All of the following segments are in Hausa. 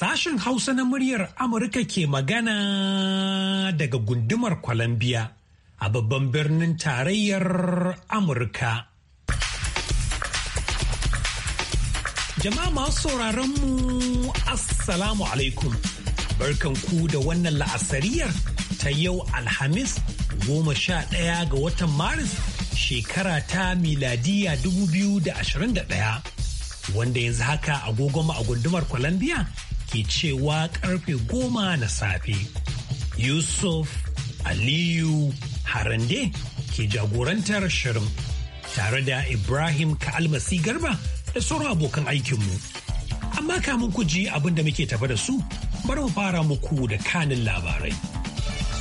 Sashen Hausa na muryar Amurka ke magana daga gundumar kwalambiya a babban birnin tarayyar Amurka. Jama'a masu sauraron mu Assalamu alaikum. Barkanku da wannan la'asariyar ta yau Alhamis goma sha ɗaya ga watan Maris shekara ta miladiya dubu biyu da ɗaya, wanda yanzu haka agogon a gundumar kwalambiya. ke cewa karfe goma na safe. Yusuf Aliyu Harande ke jagorantar shirin tare da Ibrahim Ka'almasi Garba da sauran abokan aikinmu. Amma kamun ku ji abin da muke tafa da su, bari mu fara muku da kanin labarai.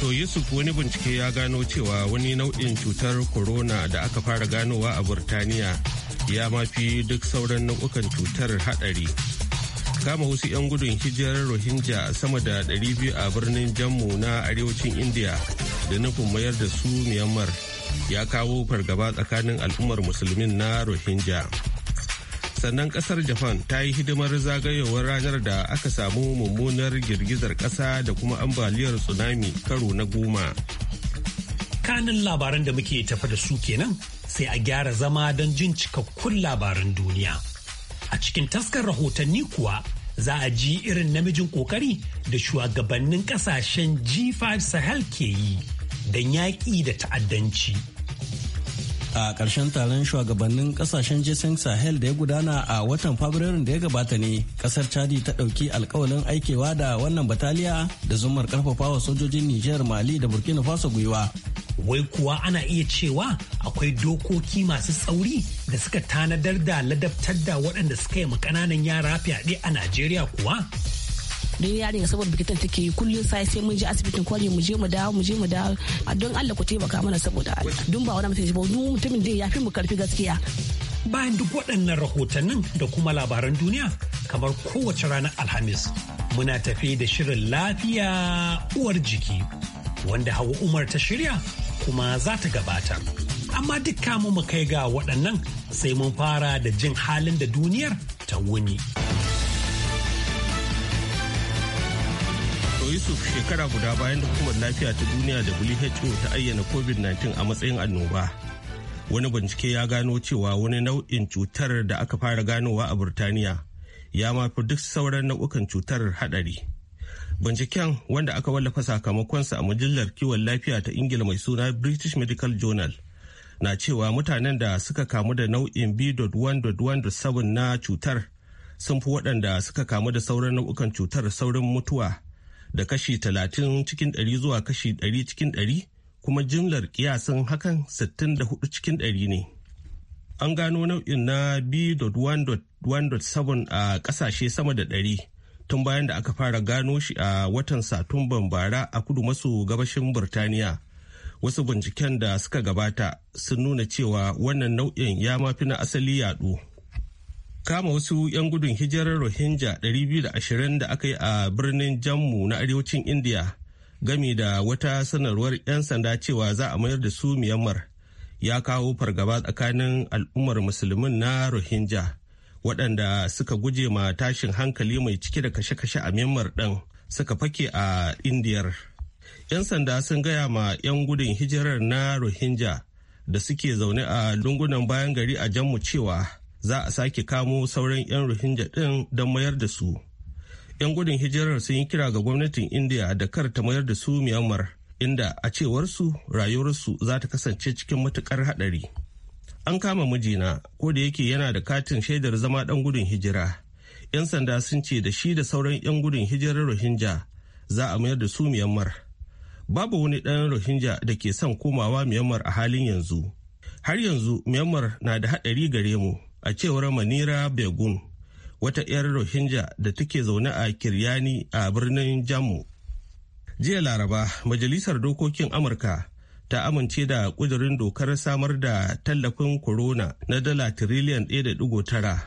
To Yusuf wani bincike ya gano cewa wani nau'in cutar corona da aka fara ganowa a Burtaniya ya mafi duk sauran nau'ukan cutar haɗari. kama wasu 'yan gudun hijirar rohingya sama da 200 a birnin jammu na arewacin india da nufin mayar da su myanmar ya kawo fargaba tsakanin al'ummar musulmin na rohingya sannan kasar japan ta yi hidimar zagayowar ranar da aka samu mummunar girgizar kasa da kuma ambaliyar tsunami karo na goma kanin labaran da muke tafa da su kenan sai a gyara zama don jin cikakkun labaran duniya. A cikin taskar rahotanni kuwa za a ji irin namijin kokari da shugabannin kasashen G5 Sahel ke yi don yaƙi da ta'addanci. a ƙarshen taron shugabannin ƙasashen jason sahel da ya gudana a watan fabrairun da ya gabata ne ƙasar chadi ta ɗauki alkawalin aikewa da wannan bataliya da zumar wa sojojin nijar mali da burkina faso gwiwa wai kuwa ana iya cewa akwai dokoki masu tsauri da suka tanadar da ladabtar da waɗanda suka yi ƙananan yara fyaɗe a najeriya kuwa don ga saboda bikitan take yi kullum sai sai mun je asibitin kwari mu je mu dawo mu je mu dawo don Allah ku taimaka mana saboda ba wani mutum ba mutumin da ya fi mu karfi gaskiya bayan duk waɗannan rahotannin da kuma labaran duniya kamar kowace ranar alhamis muna tafi da shirin lafiya uwar jiki wanda hawa umar ta shirya kuma za ta gabata amma duk kamu mu kai ga waɗannan sai mun fara da jin halin da duniyar ta wuni. yusuf shekara guda bayan da hukumar lafiya ta duniya da who ta ayyana covid-19 a matsayin annoba wani bincike ya gano cewa wani nau'in cutar da aka fara ganowa a burtaniya ya mafi duk sauran nau'ukan cutar hadari binciken wanda aka wallafa sakamakonsa a mujallar kiwon lafiya ta ingila mai suna british medical journal na cewa mutanen da suka kamu da nau'in b.1.1.7 na cutar sun fi waɗanda suka kamu da sauran nau'ukan cutar saurin mutuwa da kashi talatin cikin 100 zuwa kashi 100 cikin 100 kuma jimlar kiyasin hakan 64 cikin 100 ne. An gano nau'in na B.1.7 a ƙasashe sama da 100 tun bayan da aka fara gano shi a watan Satumban bara a kudu maso gabashin Burtaniya. Wasu binciken da suka gabata sun nuna cewa wannan nau'in ya mafi na asali yaɗu. kama wasu 'yan gudun hijirar rohingya 220 da aka yi a birnin jammu na arewacin india gami da wata sanarwar 'yan sanda cewa za a mayar da su myanmar ya kawo fargaba tsakanin al'ummar musulmin na rohingya waɗanda suka guje ma tashin hankali mai cike da kashe-kashe a myanmar ɗin suka fake a indiyar 'yan sanda sun gaya ma 'yan gudun hijirar na rohingya da suke zaune a lungunan bayan gari a jammu cewa za a sake kamo sauran 'yan rohingya din don mayar da su. 'Yan gudun hijirar sun yi kira ga gwamnatin India da kar ta mayar da su Myanmar, inda a cewarsu rayuwarsu za ta kasance cikin matukar haɗari. An kama mijina, ko da yake yana da katin shaidar zama ɗan gudun hijira. 'Yan sanda sun ce da shi da sauran 'yan gudun hijirar Rohingya za a mayar da su Myanmar. Babu wani ɗan Rohingya da ke son komawa Myanmar a halin yanzu. Har yanzu Myanmar na da haɗari gare mu. a cewar manira begun wata 'yar rohingya da take zaune a kiryani a birnin jamu jiya laraba majalisar dokokin amurka ta amince da kudurin dokar samar da tallafin corona na dala tiriliyan 1.9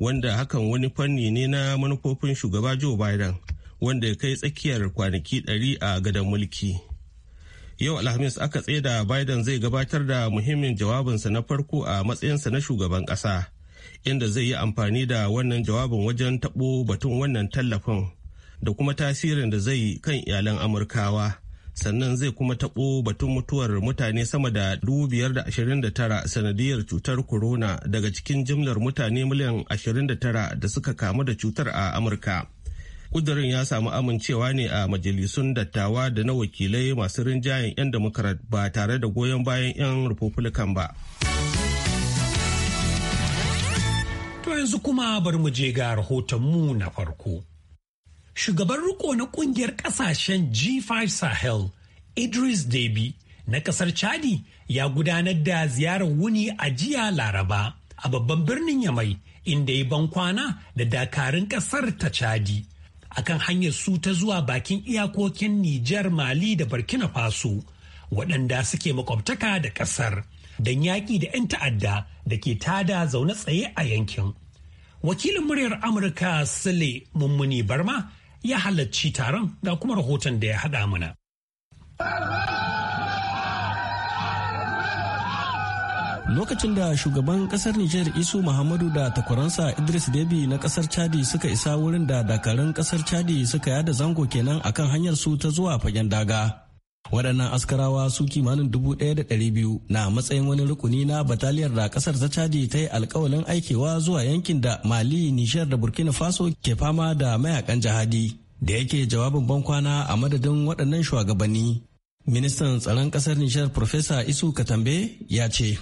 wanda hakan wani fanni ne na manufofin shugaba joe biden wanda ya kai tsakiyar kwanaki 100 a gadon mulki yau alhamis aka da biden zai gabatar da muhimmin jawabinsa na farko a matsayinsa na shugaban kasa inda zai yi amfani da wannan jawabin wajen taɓo batun wannan tallafin da kuma tasirin da zai kan iyalan amurkawa sannan zai kuma taɓo batun mutuwar mutane sama da 529 sanadiyar cutar corona daga cikin jimlar mutane miliyan 29 da suka kamu da cutar a amurka Kudirin ya samu amincewa ne a majalisun dattawa da na wakilai masu rinjayen 'yan Democrat ba tare da goyon bayan 'yan Republican ba. To yanzu kuma bari mu je ga rahotonmu na farko. Shugaban riko na kungiyar kasashen G5 Sahel, Idris Deby na kasar Chadi ya gudanar da ziyarar wuni a jiya Laraba a babban birnin Yamai inda ya ban kwana da dakarun kasar ta Chadi. akan hanyar su ta zuwa bakin iyakokin Nijar Mali da Burkina Faso waɗanda suke makwabtaka da ƙasar don yaƙi da 'yan ta'adda da ke tada zaune tsaye a yankin. Wakilin muryar Amurka Sule Mummuni Barma ya halarci taron ga kuma rahoton da ya haɗa mana. lokacin da shugaban kasar niger isu muhammadu da takwaransa idris debi na kasar chadi suka isa wurin da dakarun kasar chadi suka yada zango kenan akan hanyar su ta zuwa fagen daga waɗannan askarawa su kimanin dubu ɗaya da ɗari biyu na matsayin wani rukuni na bataliyar da kasar ta chadi ta yi alkawalin aikewa zuwa yankin da mali niger da burkina faso ke fama da mayakan jihadi da yake jawabin bankwana a madadin waɗannan shugabanni Ministan tsaron Kasar Nishar Profesa Isu Katambe ya ce.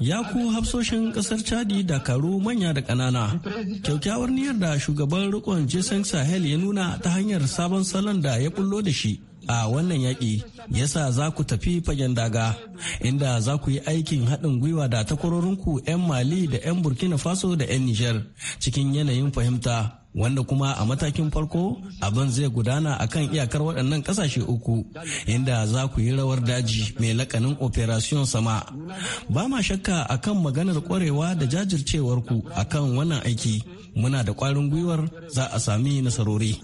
Ya ku hafsoshin kasar Chadi da Karu manya da ƙanana. Kyaukyawar niyyar da shugaban rikon Jason Sahel ya nuna ta hanyar sabon salon da ya bullo da shi. a wannan yaƙi sa za ku tafi fagen daga inda za ku yi aikin haɗin gwiwa da takwarorinku 'yan mali da 'yan burkina faso da 'yan nijar cikin yanayin fahimta wanda kuma a matakin farko abin zai gudana a kan iyakar waɗannan ƙasashe uku inda za ku yi rawar daji mai lakanin operation sama ba ma shakka a kan maganar ƙwarewa da jajircewar ku kan wannan aiki muna da ƙwarin gwiwar za a sami nasarori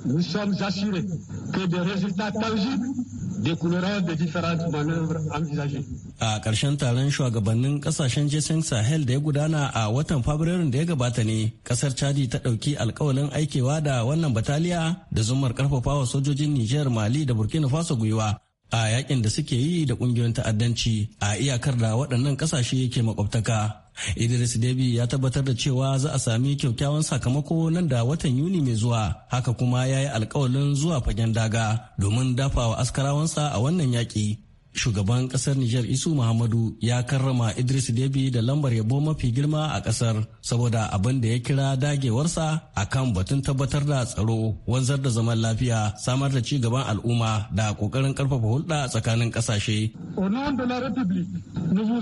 des différentes manœuvres envisagées. a ƙarshen taron shugabannin ƙasashen jason sahel da ya gudana a watan fabrairun da ya gabata ne ƙasar chadi ta ɗauki alkawalin aikewa da wannan bataliya da zumar wa sojojin niger mali da burkina faso gwiwa a yakin da suke yi da ƙungiyoyin ta'addanci a iyakar da waɗannan ƙasashe ke makwabtaka idris debi ya tabbatar da cewa za a sami kyaukyawan sakamako nan da watan yuni mai zuwa haka kuma ya yi alkawalin zuwa fagen daga domin dafawa askarawansa a wannan yaƙi shugaban kasar Nijar Isu Muhammadu ya karrama Idris Deby da lambar yabo mafi girma a kasar saboda abin da ya kira dagewarsa a kan batun tabbatar da tsaro, wanzar da zaman lafiya, samar da ci gaban al'umma da kokarin karfafa hulɗa tsakanin kasashe. Au de la République, nous vous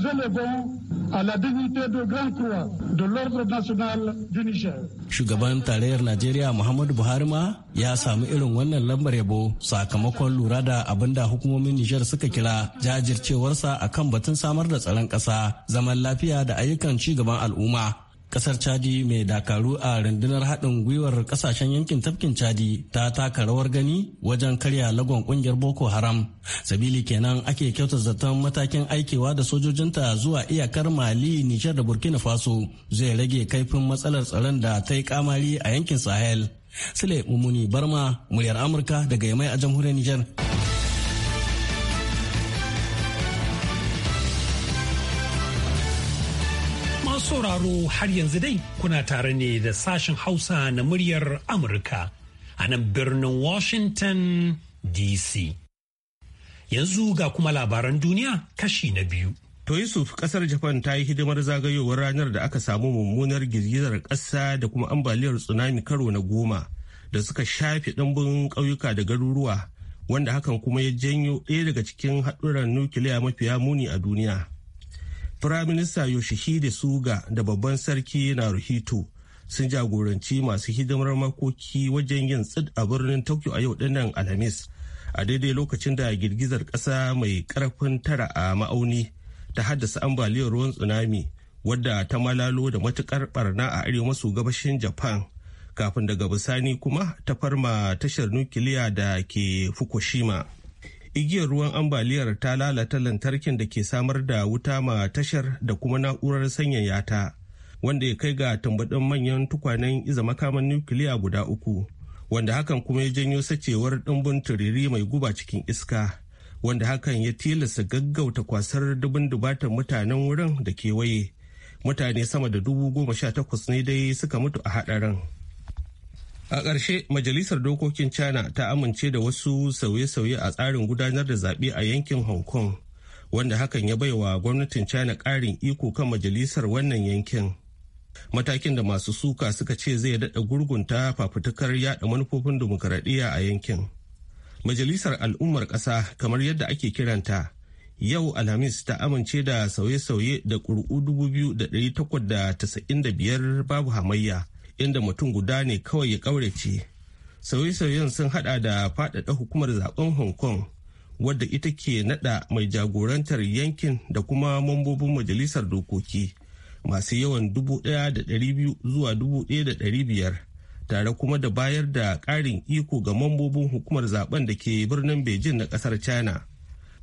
grand croix de l'ordre national du Niger. Shugaban tarayyar Najeriya Muhammadu Buhari ma ya samu irin wannan lambar yabo sakamakon lura da abin da hukumomin Nijar suka kira jajircewarsa a kan batun samar da tsaron ƙasa zaman lafiya da ayyukan ci gaban al'umma Ƙasar chadi mai dakaru a rundunar haɗin gwiwar ƙasashen yankin tafkin chadi ta taka rawar gani wajen karya lagon ƙungiyar boko haram sabili kenan ake kyauta zaton matakin aikewa da sojojinta zuwa iyakar mali nijar da burkina faso zai rage kaifin matsalar tsaron da ta yi kamari a yankin sahel sule mummuni barma muryar amurka daga yamai a jamhuriyar nijar sauraro har yanzu dai kuna tare ne da sashen Hausa na muryar Amurka a nan birnin Washington DC. Yanzu ga kuma labaran duniya kashi na biyu. To Yusuf kasar Japan ta yi hidimar zagayowar ranar da aka samu mummunar girgizar ƙasa da kuma ambaliyar tsunami karo na goma da suka shafe ɗimbin ƙauyuka da garuruwa wanda hakan kuma ya janyo ɗaya daga cikin haɗuran nukiliya mafiya muni a duniya. Firaminista Yoshihide Suga da babban sarki Naruhito sun jagoranci masu hidimar makoki wajen yin tsid a birnin Tokyo a yau dinnan Alhamis a daidai lokacin da girgizar ƙasa mai karfin tara a ma'auni ta haddasa ambaliyar ruwan tsunami wadda ta malalo da matukar barna a arewa maso gabashin Japan kafin daga bisani kuma ta farma tashar nukiliya da ke Fukushima. igiyar ruwan ambaliyar ta lalata lantarkin da ke samar da wuta ma tashar da kuma na'urar sanyaya ta wanda ya kai ga tambadin manyan tukwanen iza makaman nukiliya guda uku wanda hakan kuma ya janyo sacewar dimbin turiri mai guba cikin iska wanda hakan ya tilasta gaggauta kwasar dubin dubatan mutanen wurin da kewaye mutane sama da dubu goma sha takwas ne dai suka mutu a haɗarin. A ƙarshe Majalisar Dokokin China ta amince da wasu sauye-sauye a tsarin gudanar da zaɓe a yankin Hong Kong, wanda hakan ya baiwa gwamnatin China ƙarin iko kan majalisar wannan yankin. Matakin da masu suka suka ce zai daɗa gurgunta fafutukar yaɗa manufofin dimokuraɗiyya a yankin. Majalisar Al'ummar Ƙasa kamar yadda ake kiranta, yau Alhamis ta amince da sauye-sauye da ƙuri'u biyar babu hamayya. inda mutum guda ne kawai ya ƙaurace sauye-sauyen sun hada da faɗaɗa hukumar zaben hong kong wadda ita ke naɗa mai jagorantar yankin da kuma mambobin majalisar dokoki masu yawan 1,200 zuwa 1,500 tare kuma da bayar da ƙarin iko ga mambobin hukumar zaben da ke birnin beijing na ƙasar china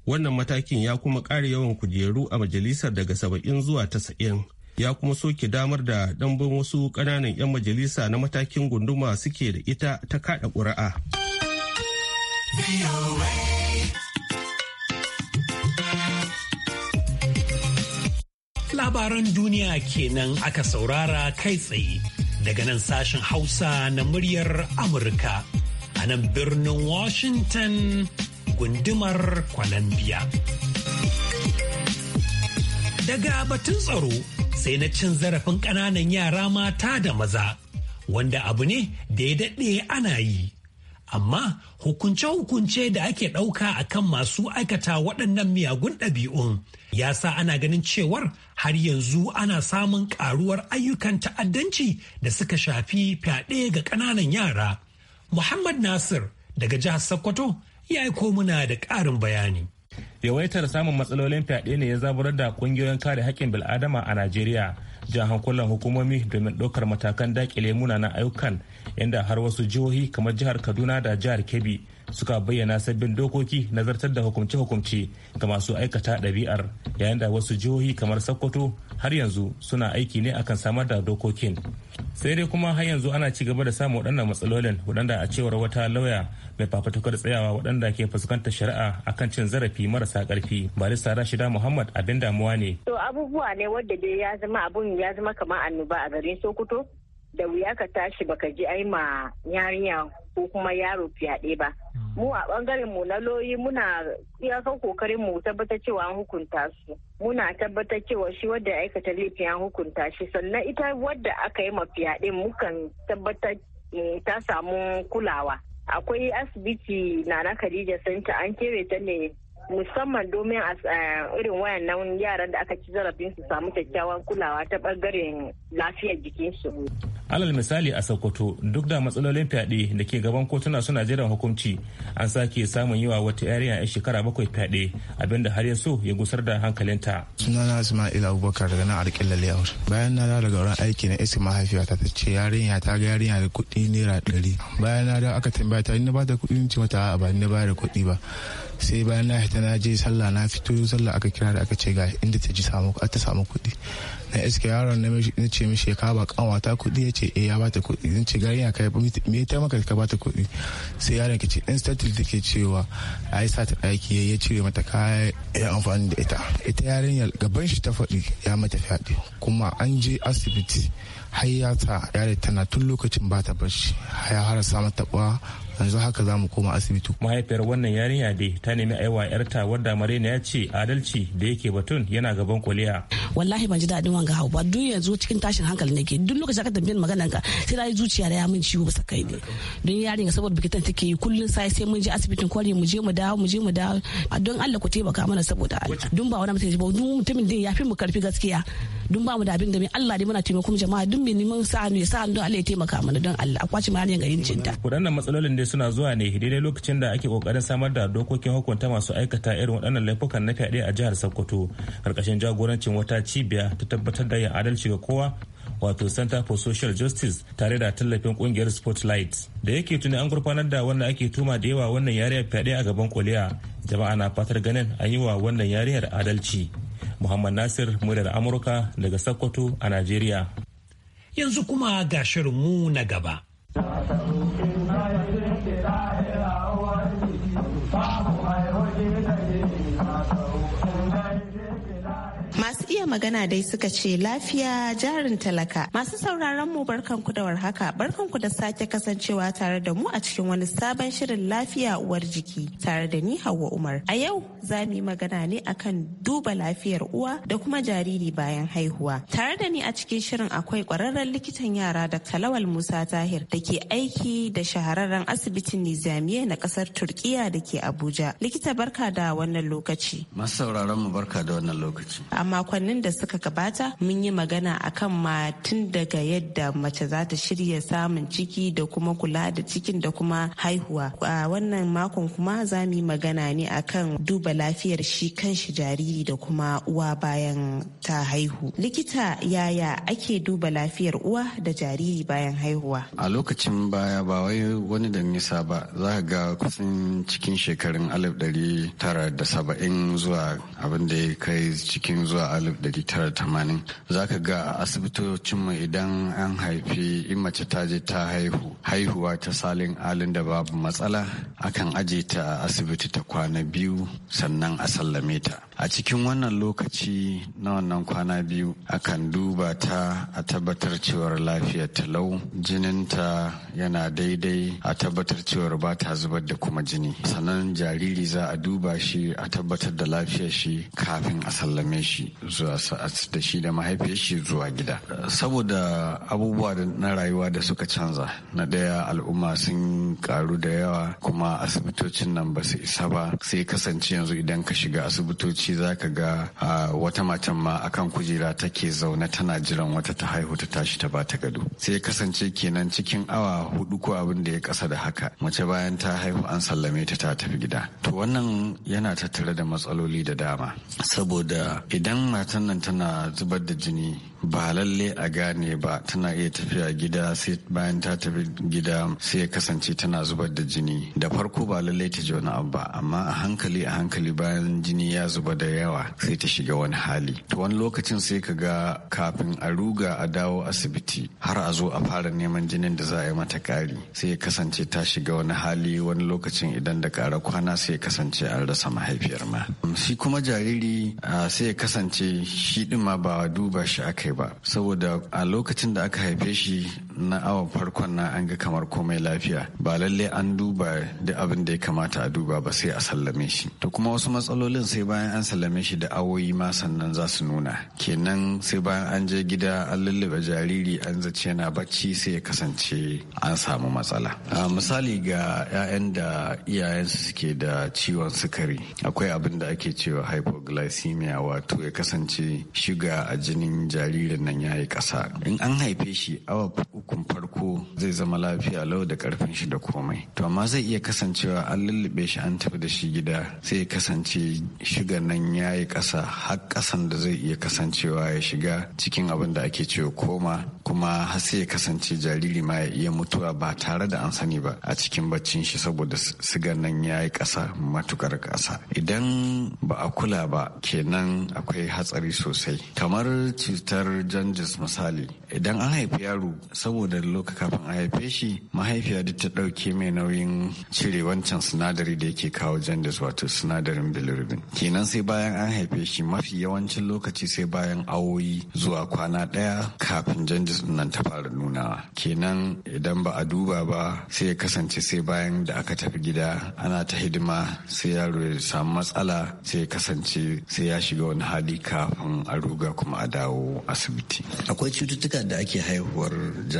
wannan matakin ya kuma ƙara yawan kujeru a majalisar daga saba'in zuwa 90 ya kuma soke damar da ɗanbin wasu ƙananan 'yan majalisa na matakin gunduma suke da ita ta kaɗa ƙuri'a. Labaran duniya kenan aka saurara kai tsaye daga nan sashen Hausa na muryar Amurka a nan birnin Washington gundumar Columbia. Daga batun tsaro sai na cin zarafin ƙananan yara mata da maza wanda abu ne da ya daɗe ana yi amma hukunce-hukunce da ake ɗauka a kan masu aikata waɗannan miyagun ɗabi'un ya sa ana ganin cewar har yanzu ana samun ƙaruwar ayyukan ta'addanci da suka shafi fyaɗe ga ƙananan yara muhammad nasir daga jihar sokoto ya yi komuna da ƙarin bayani yawaitar samun matsalolin fyaɗe ne ya zaburar da ƙungiyoyin kare haƙƙin bil'adama a najeriya jan hankulan hukumomi domin ɗaukar matakan dakile munanan ayyukan inda har wasu jihohi kamar jihar kaduna da jihar kebbi suka bayyana sabbin dokoki na zartar da hukumce-hukumce ga masu aikata ɗabi'ar yayin da wasu jihohi kamar sokoto har yanzu suna aiki ne akan samar da dokokin sai dai kuma har yanzu ana ci gaba da samun waɗannan matsalolin waɗanda a cewar wata lauya mai fafatukar tsayawa waɗanda ke fuskantar shari'a akan cin zarafi marasa ƙarfi barista rashida muhammad abin damuwa ne to abubuwa ne wadda dai ya zama abun ya zama kamar annoba a garin sokoto da wuya ka tashi baka ji ai ma yarinya ko kuma yaro fyaɗe ba mu a bangaren mu na loyi muna iyakar kokarin mu tabbatar cewa an hukunta su muna tabbatar cewa shi wadda ya aikata laifin an hukunta shi sannan ita wadda aka yi mafiya mu mukan tabbatar eh, ta samu kulawa akwai asibiti na na Khadija Santa an kere ta ne musamman domin a eh, irin wayannan yaran da aka ci zarafin su samu kyakkyawan kulawa ta ɓangaren lafiyar jikinsu. alal misali a sokoto duk da matsalolin fyaɗe da ke gaban kotuna suna jiran hukunci an sake samun yawa wata yarinya yan shekara bakwai fyaɗe abinda har yanzu ya gusar da hankalinta sunana ismail abubakar daga nan arkin laliyar bayan na dawo daga wurin aiki na iska mahaifiyata ta ce yarinya ta ga yarinya da kuɗi naira ɗari bayan na dawo aka tambaya ta ina ba da kuɗi ce mata a ba ni ba da kuɗi ba sai bayan na fita na je sallah na fito sallah aka kira da aka ce ga inda ta ji samu ta samu kuɗi na iske yaron na ce mishi ka ba kanwata kuɗi ya ce eh ya bata kuɗi zan ce garin ya kai me ta maka ka bata kuɗi sai yaron ke ce instantly ke cewa a yi sata ɗaki ya cire mata kaya ya amfani da ita ita yarinyar gaban shi ta faɗi ya mata fyaɗe kuma an je asibiti har ya ta yare tana tun lokacin ba ta barci ya harasa mata ba yanzu haka za mu koma asibiti mahaifiyar wannan yarinya dai ta nemi aiwa yarta wadda marina ya ce adalci da yake batun yana gaban kuliya wallahi ban ji daɗin wanga hau ba duk yanzu cikin tashin hankali nake duk lokacin ka tambayar maganar ka sai na yi zuciya da ya min ciwo ba kai ne don yarinya saboda bikitan take yi kullum sai sai mun je asibitin kwari mu je mu dawo mu je mu dawo don Allah ku taimaka mana saboda duk ba wani mutum ba mutumin din ya fi mu karfi gaskiya dun ba mu da abin da mai Allah dai muna taimakon jama'a dun mai neman sa ne ya sa hannu Allah ya taimaka mana don Allah a kwace mana yayin cinta waɗannan matsalolin dai suna zuwa ne daidai lokacin da ake kokarin samar da dokokin hukunta masu aikata irin waɗannan laifukan na fyaɗe a jihar Sokoto karkashin jagorancin wata cibiya ta tabbatar da yin adalci ga kowa wato center for social justice tare da tallafin kungiyar spotlight da yake tuni an gurfanar da wannan ake tuma da yawa wannan yariyar fyaɗe a gaban kuliya jama'a na fatar ganin an yi wa wannan yariyar adalci Muhammad Nasir muryar Amurka daga Sokoto a Najeriya. Yanzu kuma ga shirinmu na gaba. iya magana dai suka ce lafiya jarin talaka. Masu sauraron mu barkanku da warhaka, barkanku da sake kasancewa tare da mu a cikin wani sabon shirin lafiya uwar jiki tare da ni Hauwa Umar. A yau za mu yi magana ne akan duba lafiyar uwa da kuma jariri bayan haihuwa. Tare da ni a cikin shirin akwai kwararren likitan yara da talawal Musa Tahir da ke aiki da shahararren asibitin Nizamiya na kasar Turkiya da ke Abuja. Likita barka da wannan lokaci. Masu sauraron mu barka da wannan lokaci. Amma watannin da suka gabata mun yi magana akan ma tun daga yadda mace za ta shirya samun ciki da kuma kula da cikin da kuma haihuwa a wannan makon kuma za mu yi magana ne akan duba lafiyar shi kan shi jariri da kuma uwa bayan ta haihu likita yaya ake duba lafiyar uwa da jariri bayan haihuwa a lokacin baya ba wai wani da nisa ba za ga kusan cikin shekarun alif ɗari tara da saba'in zuwa abin da ya kai cikin zuwa alif 1980 ka ga a asibitocinmu idan an haifi in mace ta je ta haihu haihuwa ta salin alin da babu matsala akan aje ta asibiti ta kwana biyu sannan a sallame ta a cikin wannan lokaci na wannan kwana biyu akan duba ta a tabbatar cewar lafiyar talau jininta yana daidai a tabbatar cewar ba ta zubar da kuma jini sannan jariri za a duba shi a tabbatar da lafiyar shi kafin a sallame shi zuwa da shi da mahaifiyar shi zuwa gida saboda abubuwa na rayuwa da suka canza na daya al'umma sun karu da yawa kuma asibitocin nan ba su isa ba sai kasance yanzu idan ka shiga asibitoci lokaci za ka ga wata matan ma akan kujera take zaune tana jiran wata ta haihu ta tashi ta bata gado sai ya kasance kenan cikin awa hudu ko abin da ya kasa da haka mace bayan ta haihu an sallame ta ta tafi gida to wannan yana tattare da matsaloli da dama saboda idan matan nan tana zubar da jini ba lalle a gane ba tana iya tafiya gida sai bayan ta tafi gida sai ya kasance tana zubar da jini da farko ba lalle ta ji wani abu ba amma a hankali a hankali bayan jini ya zuba da yawa sai ta shiga wani hali to wani lokacin sai ka ga kafin a ruga a dawo asibiti har a zo a fara neman jinin da za a yi mata kari sai ya kasance ta shiga wani hali wani lokacin idan da kara kwana sai ya kasance an rasa mahaifiyar ma shi kuma jariri ah, sai ya kasance shi ɗin ma ba duba shi aka kai ba saboda a lokacin da aka haife shi na awa farkon na an ga kamar komai lafiya ba lalle an duba da abin da ya kamata a duba ba sai a sallame shi to kuma wasu matsalolin sai bayan an sallame shi da awoyi ma sannan za su nuna kenan sai bayan an je gida an lullube jariri an zace yana bacci sai ya kasance an samu matsala misali ga 'ya'yan da iyayensu suke da ciwon sukari akwai abin da ake cewa hypoglycemia wato ya kasance shiga a jinin jaririn nan ya yi ƙasa in an haife shi awa ranakun farko zai zama lafiya lau da karfin shi da komai to amma zai iya kasancewa an lullube shi an tafi da shi gida sai kasance shiga nan ya yi ƙasa har ƙasan da zai iya kasancewa ya shiga cikin abin da ake cewa koma kuma har sai ya kasance jariri ma ya iya mutuwa ba tare da an sani ba a cikin baccin shi saboda siga nan ya yi ƙasa matukar ƙasa idan ba a kula ba kenan akwai hatsari sosai kamar cutar janjis misali idan an haifi yaro saboda loka kafin a haife shi mahaifiya duk ta ɗauke mai nauyin cire wancan sinadari da yake kawo jandis wato sinadarin bilirubin kenan sai bayan an haife shi mafi yawancin lokaci sai bayan awoyi zuwa kwana ɗaya kafin jandis nan ta fara nunawa kenan idan ba a duba ba sai ya kasance sai bayan da aka tafi gida ana ta hidima sai yaro ya samu matsala sai ya kasance sai ya shiga wani hali kafin a ruga kuma a dawo asibiti akwai cututtuka da ake haihuwar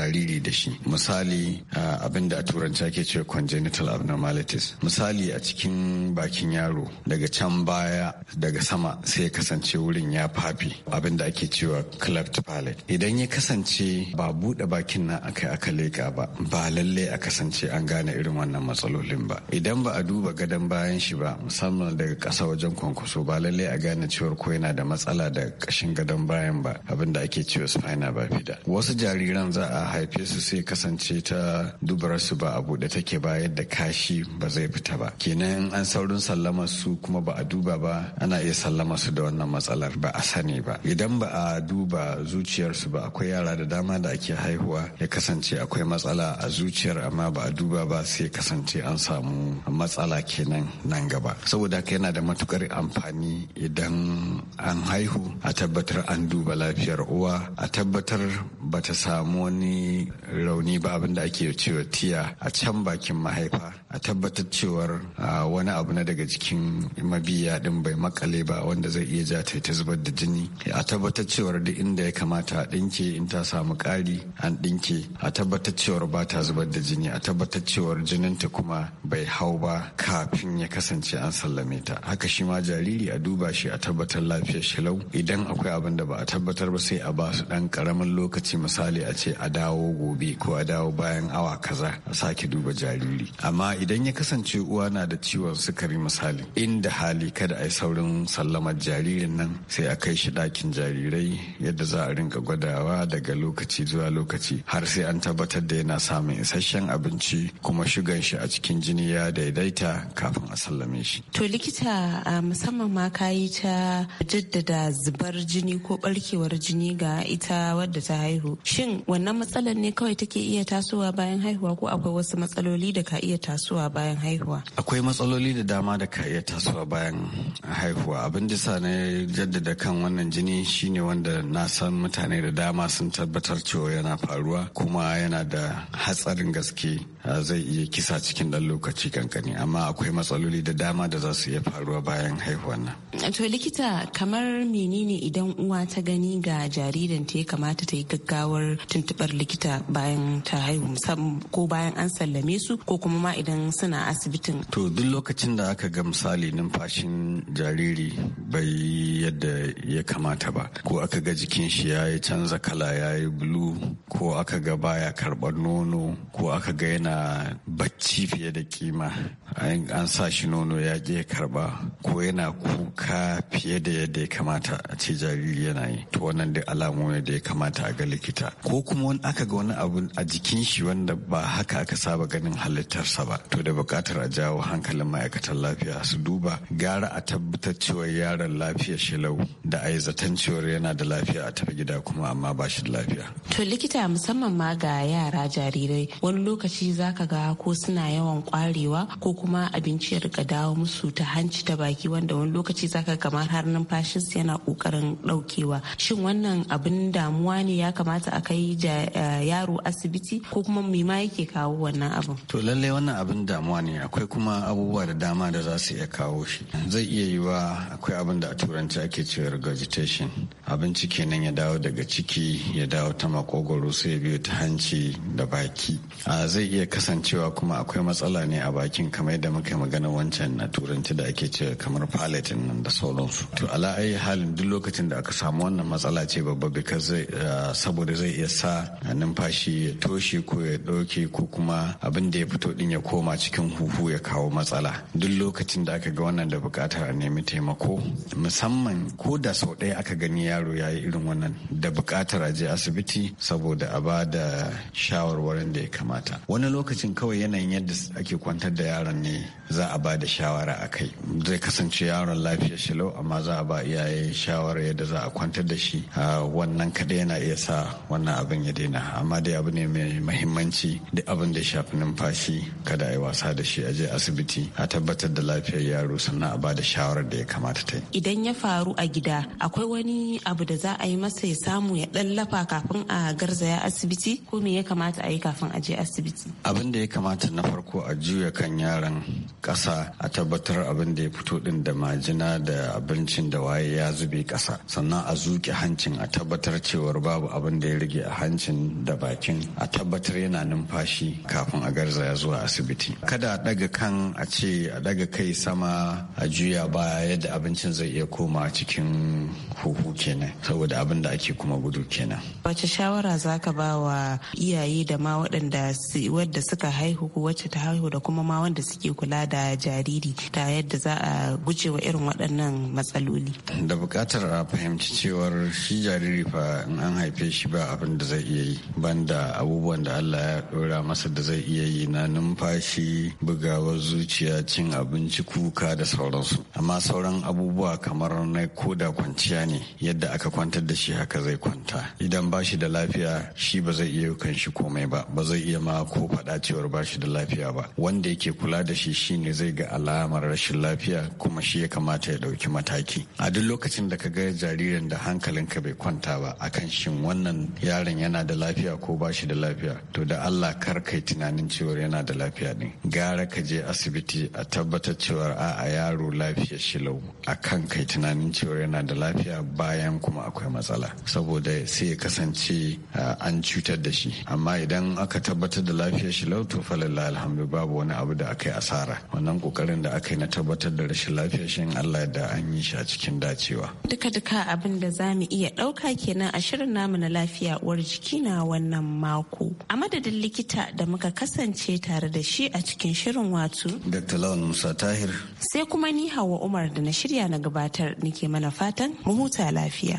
jariri da shi misali abin da a turanci ake ce congenital abnormalities misali a cikin bakin yaro daga can baya daga sama sai ya kasance wurin ya fafi abin da ake cewa cleft palate idan ya kasance ba buɗe bakin nan akai aka leƙa ba ba lalle a kasance an gane irin wannan matsalolin ba idan ba a duba gadon bayan shi ba musamman daga ƙasa wajen kwankwaso ba lalle a gane cewar ko yana da matsala da ƙashin gadon bayan ba abin da ake cewa spina bifida wasu jariran za a haife su sai kasance ta dubarar su ba a buɗe take ba yadda kashi ba zai fita ba kenan an saurin sallamar su kuma ba a duba ba ana iya sallama su da wannan matsalar ba a sani ba idan ba a duba zuciyar su ba akwai yara da dama da ake haihuwa ya kasance akwai matsala a zuciyar amma ba a duba ba sai kasance an samu matsala kenan nan gaba saboda haka yana da matukar amfani idan an haihu a tabbatar an duba lafiyar uwa a tabbatar bata samu wani rauni ba abin da ake cewa tiya a can bakin mahaifa a tabbatar cewar wani abu na daga jikin mabiya din bai makale ba wanda zai iya ja ta zubar da jini a tabbatar cewar duk inda ya kamata a dinke in ta samu kari an dinke. a tabbatar cewar ba ta zubar da jini a tabbatar cewar ta kuma bai hau ba kafin ya kasance an sallame ta haka shi ma jariri a duba shi a tabbatar lafiyar shi lau idan akwai abin da ba a tabbatar ba sai a ba su ɗan karamin lokaci misali a ce a dawo gobe ko a dawo bayan awa kaza a sake duba jariri amma idan ya kasance uwa na da ciwon sukari misali inda hali kada a yi saurin sallamar jaririn nan sai a kai shi ɗakin jarirai yadda za a rinka gwadawa daga lokaci zuwa lokaci har sai an tabbatar da yana samun isasshen abinci kuma shugan shi a cikin jini ya daidaita kafin a sallame shi. To likita musamman ma kayi ta jaddada zubar jini ko barkewar jini ga ita wadda ta haihu. Shin wannan matsalar ne kawai take iya tasowa bayan haihuwa ko akwai wasu matsaloli da ka iya tasowa? tasowa bayan haihuwa? Akwai matsaloli da dama da ka iya tasowa bayan haihuwa. Abin da sa na jaddada kan wannan jini shine wanda na san mutane da dama sun tabbatar cewa yana faruwa kuma yana da hatsarin gaske zai iya kisa cikin ɗan lokaci kankani amma akwai matsaloli da dama da za su iya faruwa bayan haihuwa nan. To likita kamar menene idan uwa ta gani ga ta ya kamata ta yi gaggawar tuntubar likita bayan ta haihu ko bayan an sallame su ko kuma ma idan nan suna asibitin to duk lokacin da aka ga misali numfashin jariri bai yadda ya kamata ba ko aka ga jikin shi ya yi canza kala ya yi bulu ko aka ga baya karɓar nono ko aka ga yana bacci fiye da kima an sa shi nono ya ya karba ko yana kuka fiye da yadda ya kamata a ce jariri yana yi to wannan da alamu ne da ya kamata a ga likita ko kuma wani aka ga wani abu a jikin shi wanda ba haka aka saba ganin halittarsa ba to da buƙatar a jawo hankalin ma'aikatan lafiya su duba gara a tabbatar cewa yaron lafiya shilau da a yi zaton cewar yana da lafiya a tafi gida kuma amma ba shi da lafiya. To likita musamman ma ga yara jarirai wani lokaci zaka ga ko suna yawan kwarewa ko kuma abinci ya rika dawo musu ta hanci ta baki wanda wani lokaci zaka ga kamar har numfashinsu yana kokarin ɗaukewa. Shin wannan abin damuwa ne ya kamata a kai eh, yaro asibiti ko kuma me ma yake kawo wannan abin? To lallai wannan abin abin damuwa ne akwai kuma abubuwa da dama da za su iya kawo shi zai iya yiwa akwai abin da a turanci ake cewa regurgitation abinci kenan ya dawo daga ciki ya dawo ta makogwaro sai ya biyo ta hanci da baki a zai iya kasancewa kuma akwai matsala ne a bakin kamar yadda muka magana wancan a turanci da ake cewa kamar palatin nan da sauransu to ala ai halin duk lokacin da aka samu wannan matsala ce babba zai saboda zai iya sa numfashi ya toshe ko ya ɗauke ko kuma abin da ya fito din ya koma koma cikin huhu ya kawo matsala duk lokacin da aka ga wannan da bukatar a nemi taimako musamman ko da sau ɗaya aka gani yaro ya yi irin wannan da bukatar a je asibiti saboda a ba da shawarwarin da ya kamata wani lokacin kawai yanayin yadda ake kwantar da yaron ne za a ba da shawara a kai zai kasance yaron lafiya shilo amma za a ba iyaye shawara yadda za a kwantar da shi wannan kaɗai yana iya sa wannan abin ya daina amma dai abu ne mai mahimmanci da abin da shafi numfashi kada a yi wasa da shi a je asibiti a tabbatar da lafiyar yaro sannan a bada shawarar da ya kamata ta yi. Idan ya faru a gida akwai wani abu da za a yi masa ya samu ya ɗallafa kafin a garzaya asibiti ko me ya kamata a yi kafin a je asibiti? Abin da ya kamata na farko a juya kan yaron ƙasa a tabbatar abin da ya fito din da majina da abincin da waye ya zube kasa sannan a zuke hancin a tabbatar cewar babu abin da ya rage a hancin da bakin a tabbatar yana numfashi kafin a garzaya zuwa asibiti. abinci kada a daga kan a ce a daga kai sama a juya baya yadda abincin zai iya koma cikin huhu kenan saboda abin da ake kuma gudu kenan wace shawara za ka ba wa iyaye da ma waɗanda wadda suka haihu ko wacce ta haihu da kuma ma wanda suke kula da jariri ta yadda za a guje wa irin waɗannan matsaloli da buƙatar a fahimci cewar shi jariri fa in an haife shi ba abin da zai iya yi banda abubuwan da Allah ya ɗora masa da zai iya yi na numfashi Shi bugawar zuciya cin abinci kuka da sauransu amma sauran abubuwa kamar na koda kwanciya ne yadda aka kwantar da shi haka zai kwanta idan ba shi da lafiya shi ba zai iya kan shi komai ba ba zai iya ma ko faɗa cewar ba shi da lafiya ba wanda yake kula da shi shine zai ga alamar rashin lafiya kuma shi ya kamata ya ɗauki mataki a duk lokacin da ka ga jaririn da hankalinka bai kwanta ba akan shin wannan yaron yana da lafiya ko ba shi da lafiya to da Allah kar kai tunanin cewar yana da lafiya gara ka je asibiti a tabbatar cewa a yaro lafiya shilau a kan kai tunanin cewa yana da lafiya bayan kuma akwai matsala saboda sai ya kasance an cutar da shi amma idan aka tabbatar da lafiyar shilau to falalla alhamdu babu wani abu da aka yi asara wannan kokarin da aka yi na tabbatar da rashin lafiya shi Allah da an yi shi a cikin dacewa duka duka abin da za mu iya ɗauka kenan a shirin namu na lafiya uwar jiki na wannan mako a madadin likita da muka kasance tare da shi a cikin shirin wato. Dr. Lawan Musa Tahir. Sai kuma ni Hawa Umar da na shirya na gabatar nike mana fatan mu huta lafiya.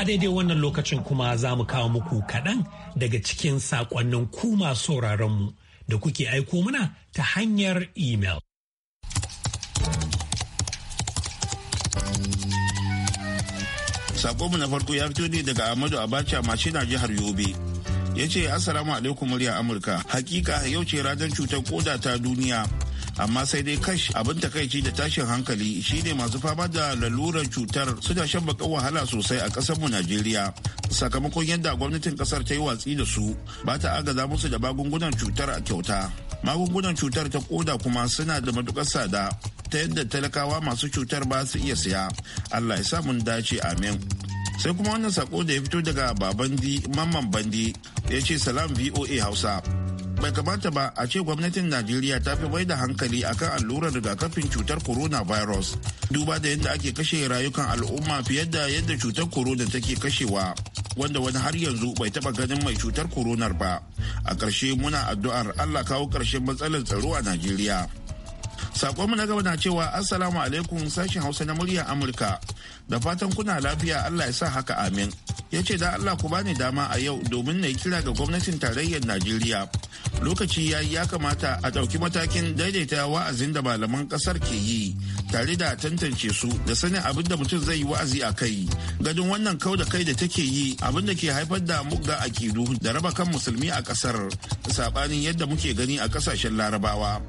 A daidai wannan lokacin kuma za mu kawo muku kaɗan daga cikin saƙonnin ku masu mu da kuke aiko mana ta hanyar email. Sakonmu na farko ya fito ne daga Ahmadu Abacha Mashina jihar Yobe. ya ce assalamu alaikum murya amurka hakika yau ce ranar cutar koda ta duniya amma sai dai kash abin takaici da tashin hankali shine masu fama da lalurar cutar suna shan bakan wahala sosai a kasar mu Najeriya sakamakon yadda gwamnatin kasar ta yi watsi da su ba ta agaza musu da magungunan cutar a kyauta magungunan cutar ta koda kuma suna da matukar tsada ta yadda talakawa masu cutar ba su iya siya Allah ya sa mun dace amin sai kuma wannan sako da ya fito daga babandi mamman bandi ya ce salam voa hausa bai kamata ba a ce gwamnatin najeriya ta fi bai da hankali akan allurar rigakafin cutar corona virus. duba da yadda ake kashe rayukan al'umma fiye da yadda cutar corona take kashewa wanda wani har yanzu bai taba ganin mai cutar coronar ba a ƙarshe muna addu'ar allah kawo ƙarshen matsalar tsaro a najeriya sakon mu na gaba na cewa Assalamu alaikum sashen Hausa na muryar Amurka. Da fatan kuna lafiya Allah ya sa haka amin. Ya ce da Allah ku bani dama a yau domin na kira ga gwamnatin tarayyar Najeriya. Lokaci ya ya kamata a ɗauki matakin daidaita wa'azin da malaman ƙasar ke yi tare da tantance su da sanin abin da mutum zai yi wa'azi a kai. Gadin wannan kau da kai da take yi abin da ke haifar da mugga kidu da raba kan musulmi a ƙasar saɓanin yadda muke gani a ƙasashen larabawa.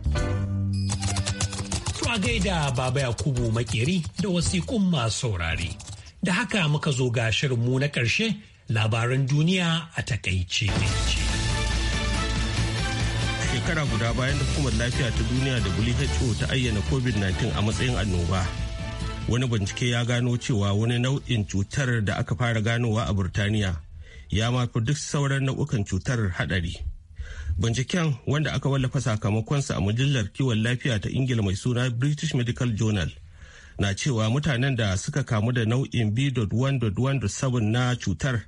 a gaida Baba Yakubu Makeri da wasiƙun masu saurare. Da haka muka zo ga shirinmu na ƙarshe labaran duniya a takaice. Shekara guda bayan da hukumar lafiya ta duniya da WHO ta ayyana COVID-19 a matsayin annoba. Wani bincike ya gano cewa wani nau'in cutar da aka fara ganowa a Burtaniya ya mafi duk sauran nau'ukan cutar haɗari. binciken wanda aka wallafa sakamakonsa a mujallar kiwon lafiya ta ingila mai suna british medical journal na cewa mutanen da suka kamu da nau'in b.1.1.7 na cutar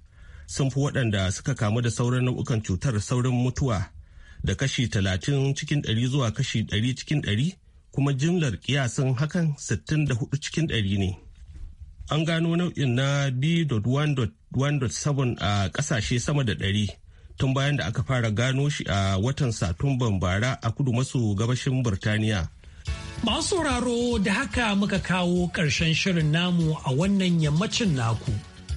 sun fi waɗanda suka kamu da sauran nau'ukan cutar saurin mutuwa da kashi 30 cikin 100 zuwa kashi 100 cikin 100 kuma jimlar kiyasin hakan 64 cikin 100 ne an gano nau'in na b.1.1.7 a ƙasashe sama da 100 tun bayan da aka fara gano shi a watan satumban bara a kudu maso gabashin burtaniya masu sauraro da haka muka kawo ƙarshen shirin namu a wannan yammacin naku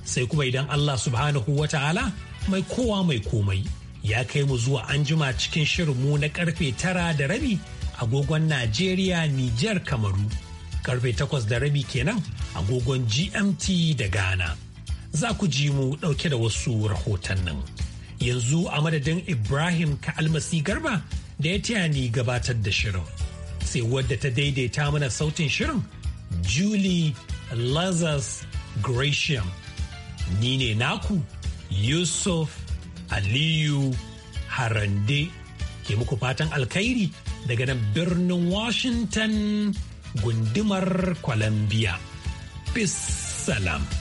sai kuma idan allah subhanahu wata'ala mai kowa mai komai ya kai mu zuwa anjima cikin shirinmu na karfe tara da rabi agogon najeriya nijar kamaru karfe takwas da rabi kenan agogon gmt da ghana za ku ji mu dauke da wasu rahoton nan. yanzu a madadin ibrahim ka almasi garba da ya taya ni gabatar da shirin sai wadda ta daidaita mana sautin shirin julie lazarus gratiam ni ne naku yusuf aliyu harande ke muku fatan alkhairi daga nan birnin washington gundumar columbia Peace salam